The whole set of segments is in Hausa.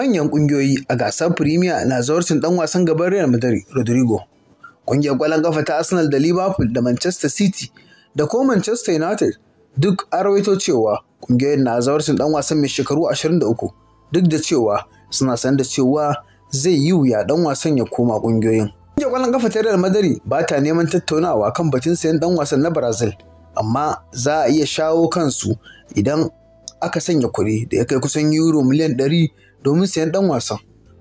Manyan ƙungiyoyi a gasar Premier na zawarcin dan wasan gaban Real Madrid, Rodrigo. Ƙungiyar kwallon kafa ta Arsenal da Liverpool da Manchester City da ko Manchester United duk an rawaito cewa ƙungiyoyin na zawarcin ɗan wasan mai shekaru 23 duk da cewa suna san da cewa zai yi wuya ɗan wasan ya koma ƙungiyoyin. Ƙungiyar kwallon ƙafa ta Real Madrid ba ta neman tattaunawa kan batun sayan ɗan wasan na Brazil amma za a iya shawo kansu idan aka sanya kuɗi da ya kai kusan euro miliyan ɗari domin sayan ɗan wasan.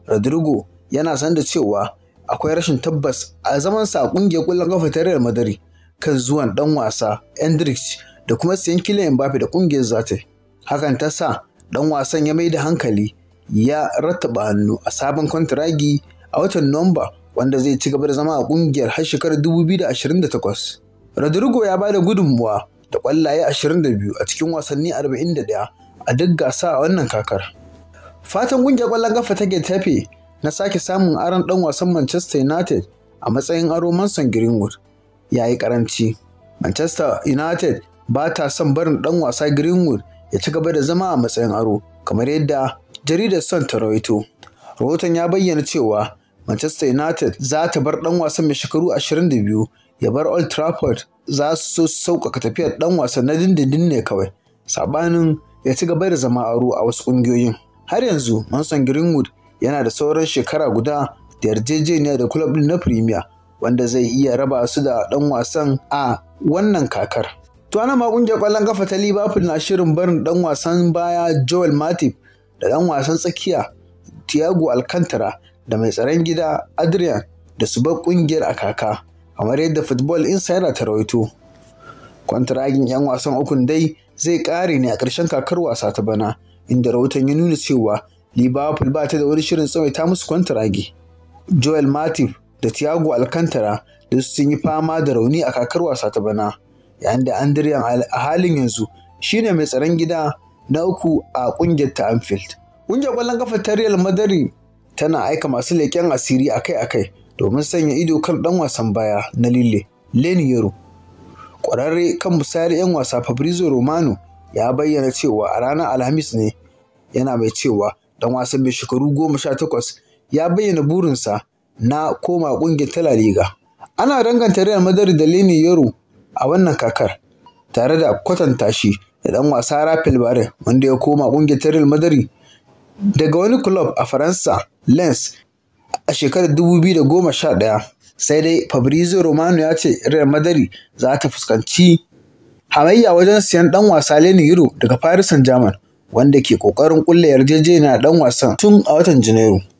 Rodrigo yana san da cewa akwai rashin tabbas a zaman sa ƙungiyar ƙwallon kafa ta Real Madrid kan zuwan ɗan wasa Endrich da kuma sayan Kylian Mbappe da ƙungiyar zata Hakan ta sa ɗan wasan ya mai da hankali ya rattaba hannu a sabon kwantaragi a watan Nuwamba wanda zai ci gaba da zama a ƙungiyar har shekarar 2028. Rodrigo ya ba da gudunmuwa da ƙwallaye 22 a cikin wasanni 41 a duk gasa a wannan kakar. Fatan ƙungiyar ƙwallon kafa ta Getafe na sake samun aron ɗan wasan Manchester United a matsayin aro Manson Greenwood ya yi ƙaranci. Manchester United ba ta son barin ɗan wasa Greenwood ya ci gaba da zama a matsayin aro kamar yadda jaridar son ta rawaito. Rahoton ya bayyana cewa Manchester United za ta bar ɗan wasan mai shekaru ashirin da biyu ya bar Old Trafford za su sauƙaƙa tafiyar ɗan wasan na dindindin ne kawai. sabanin. ya ci gaba da zama aro a wasu ƙungiyoyin. Har yanzu Manson Greenwood yana da sauran shekara guda da yarjejeniya da club na Premier wanda zai iya raba su da ɗan wasan a wannan kakar. To ana ma ƙungiyar ƙwallon kafa ta Liverpool na shirin barin ɗan wasan baya Joel Matip da ɗan wasan tsakiya Thiago Alcantara da mai tsaron gida Adrian da su bar ƙungiyar a kaka kamar yadda Football Insider ta rawaito. kwantaragin 'yan wasan ukun dai zai ƙare ne a ƙarshen kakar wasa ta bana inda rahoton ya nuna cewa liverpool ba ta da wani shirin ta musu kwantaragi joel matip da thiago alcantara da su sun yi fama da rauni a kakar wasa ta bana yayin da andrian a halin yanzu shine mai tsaron gida na uku a ƙungiyar ta anfield ƙungiyar ƙwallon kafa ta real madrid tana aika masu leƙen asiri akai-akai domin sanya ido kan ɗan wasan baya na lille yaro kwararre kan musayar 'yan wasa Fabrizio Romano ya bayyana cewa a ranar Alhamis ne yana mai cewa dan wasan mai shekaru goma sha takwas ya bayyana burinsa na koma ƙungiyar ta La Ana danganta Real Madrid da Leni Yoro a wannan kakar tare da kwatanta shi da dan wasa Rafael Barre wanda ya koma ƙungiyar ta Real Madrid daga wani club a Faransa Lens a shekarar 2011. sai dai fabrizio romano ya ce real madari za ta fuskanci hamayya wajen siyan dan wasa leni euro daga paris saint-germain wanda ke kokarin kulle yarjejeniya dan wasan tun a watan janairu